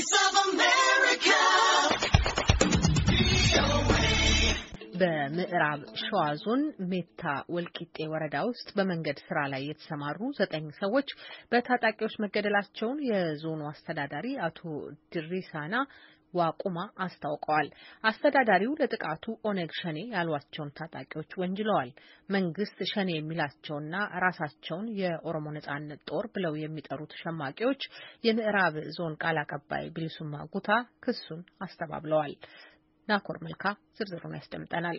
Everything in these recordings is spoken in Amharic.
Voice of America. በምዕራብ ሸዋ ዞን ሜታ ወልቂጤ ወረዳ ውስጥ በመንገድ ስራ ላይ የተሰማሩ ዘጠኝ ሰዎች በታጣቂዎች መገደላቸውን የዞኑ አስተዳዳሪ አቶ ድሪሳና ዋቁማ አስታውቀዋል። አስተዳዳሪው ለጥቃቱ ኦነግ ሸኔ ያሏቸውን ታጣቂዎች ወንጅለዋል። መንግስት ሸኔ የሚላቸውና ራሳቸውን የኦሮሞ ነጻነት ጦር ብለው የሚጠሩት ሸማቂዎች የምዕራብ ዞን ቃል አቀባይ ቢሊሱማ ጉታ ክሱን አስተባብለዋል። ናኮር መልካ ዝርዝሩን ያስደምጠናል።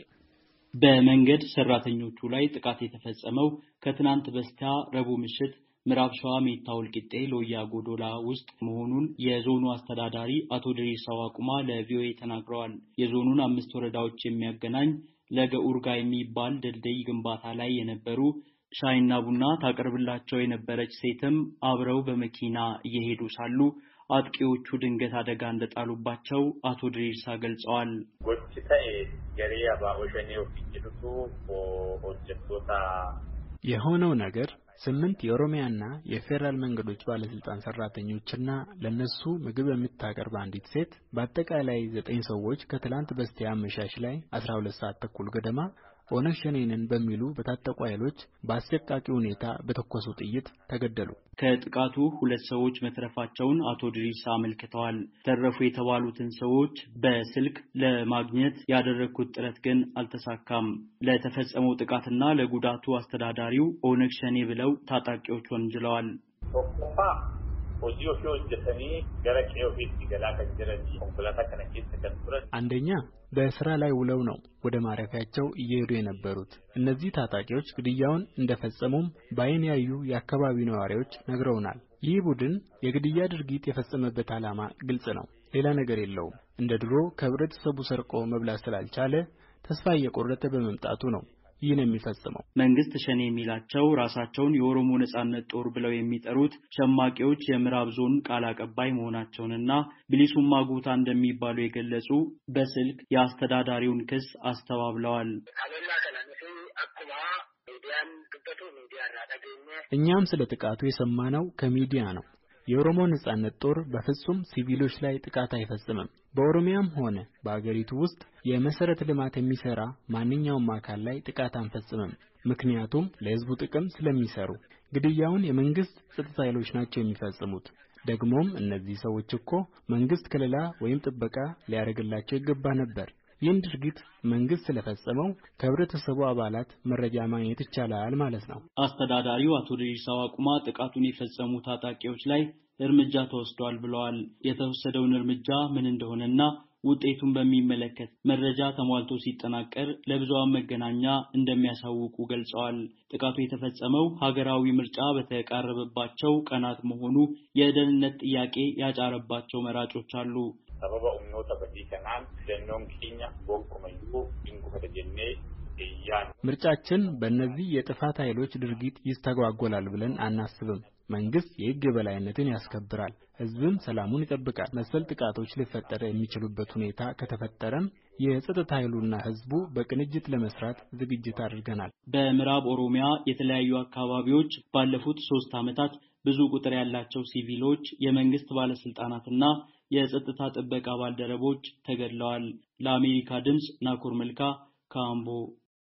በመንገድ ሰራተኞቹ ላይ ጥቃት የተፈጸመው ከትናንት በስቲያ ረቡዕ ምሽት ምዕራብ ሸዋ ሜታ ወልቂጤ ሎያ ጎዶላ ውስጥ መሆኑን የዞኑ አስተዳዳሪ አቶ ድሪሳ ዋቁማ ለቪኦኤ ተናግረዋል። የዞኑን አምስት ወረዳዎች የሚያገናኝ ለገኡርጋ የሚባል ድልድይ ግንባታ ላይ የነበሩ ሻይና ቡና ታቀርብላቸው የነበረች ሴትም አብረው በመኪና እየሄዱ ሳሉ አጥቂዎቹ ድንገት አደጋ እንደጣሉባቸው አቶ ድሪርሳ ገልጸዋል። የሆነው ነገር ስምንት የኦሮሚያና የፌዴራል መንገዶች ባለሥልጣን ሠራተኞችና ለእነሱ ምግብ የምታቀርብ አንዲት ሴት በአጠቃላይ ዘጠኝ ሰዎች ከትናንት በስቲያ አመሻሽ ላይ 12 ሁለት ሰዓት ተኩል ገደማ ኦነግ በሚሉ በታጠቁ ኃይሎች በአሰቃቂ ሁኔታ በተኮሱ ጥይት ተገደሉ። ከጥቃቱ ሁለት ሰዎች መትረፋቸውን አቶ ድሪሳ አመልክተዋል። ተረፉ የተባሉትን ሰዎች በስልክ ለማግኘት ያደረግኩት ጥረት ግን አልተሳካም። ለተፈጸመው ጥቃትና ለጉዳቱ አስተዳዳሪው ኦነግ ሸኔ ብለው ታጣቂዎች ወንጅለዋል። አንደኛ በሥራ ላይ ውለው ነው ወደ ማረፊያቸው እየሄዱ የነበሩት። እነዚህ ታጣቂዎች ግድያውን እንደፈጸሙም በዓይን ያዩ የአካባቢው ነዋሪዎች ነግረውናል። ይህ ቡድን የግድያ ድርጊት የፈጸመበት ዓላማ ግልጽ ነው፣ ሌላ ነገር የለውም። እንደ ድሮ ከህብረተሰቡ ሰርቆ መብላት ስላልቻለ ተስፋ እየቆረጠ በመምጣቱ ነው። ይህ ነው የሚፈጽመው። መንግስት ሸኔ የሚላቸው ራሳቸውን የኦሮሞ ነጻነት ጦር ብለው የሚጠሩት ሸማቂዎች የምዕራብ ዞን ቃል አቀባይ መሆናቸውንና ብሊሱማ ጉታ እንደሚባሉ የገለጹ በስልክ የአስተዳዳሪውን ክስ አስተባብለዋል። እኛም ስለ ጥቃቱ የሰማነው ከሚዲያ ነው። የኦሮሞ ነጻነት ጦር በፍጹም ሲቪሎች ላይ ጥቃት አይፈጽምም። በኦሮሚያም ሆነ በአገሪቱ ውስጥ የመሰረት ልማት የሚሰራ ማንኛውም አካል ላይ ጥቃት አንፈጽምም፤ ምክንያቱም ለህዝቡ ጥቅም ስለሚሰሩ ግድያውን የመንግሥት ጸጥታ ኃይሎች ናቸው የሚፈጽሙት። ደግሞም እነዚህ ሰዎች እኮ መንግሥት ከለላ ወይም ጥበቃ ሊያደርግላቸው ይገባ ነበር ይህን ድርጊት መንግሥት ስለፈጸመው ከኅብረተሰቡ አባላት መረጃ ማግኘት ይቻላል ማለት ነው። አስተዳዳሪው አቶ ደሪሳ አቁማ ጥቃቱን የፈጸሙ ታጣቂዎች ላይ እርምጃ ተወስዷል ብለዋል። የተወሰደውን እርምጃ ምን እንደሆነና ውጤቱን በሚመለከት መረጃ ተሟልቶ ሲጠናቀር ለብዙሃን መገናኛ እንደሚያሳውቁ ገልጸዋል። ጥቃቱ የተፈጸመው ሀገራዊ ምርጫ በተቃረበባቸው ቀናት መሆኑ የደህንነት ጥያቄ ያጫረባቸው መራጮች አሉ። ምርጫችን በእነዚህ የጥፋት ኃይሎች ድርጊት ይስተጓጎላል ብለን አናስብም። መንግስት የሕግ የበላይነትን ያስከብራል፣ ሕዝብም ሰላሙን ይጠብቃል። መሰል ጥቃቶች ሊፈጠር የሚችሉበት ሁኔታ ከተፈጠረም የጸጥታ ኃይሉና ሕዝቡ በቅንጅት ለመስራት ዝግጅት አድርገናል። በምዕራብ ኦሮሚያ የተለያዩ አካባቢዎች ባለፉት ሶስት ዓመታት ብዙ ቁጥር ያላቸው ሲቪሎች የመንግስት ባለስልጣናትና የጸጥታ ጥበቃ ባልደረቦች ተገድለዋል። ለአሜሪካ ድምፅ ናኮር መልካ ካምቦ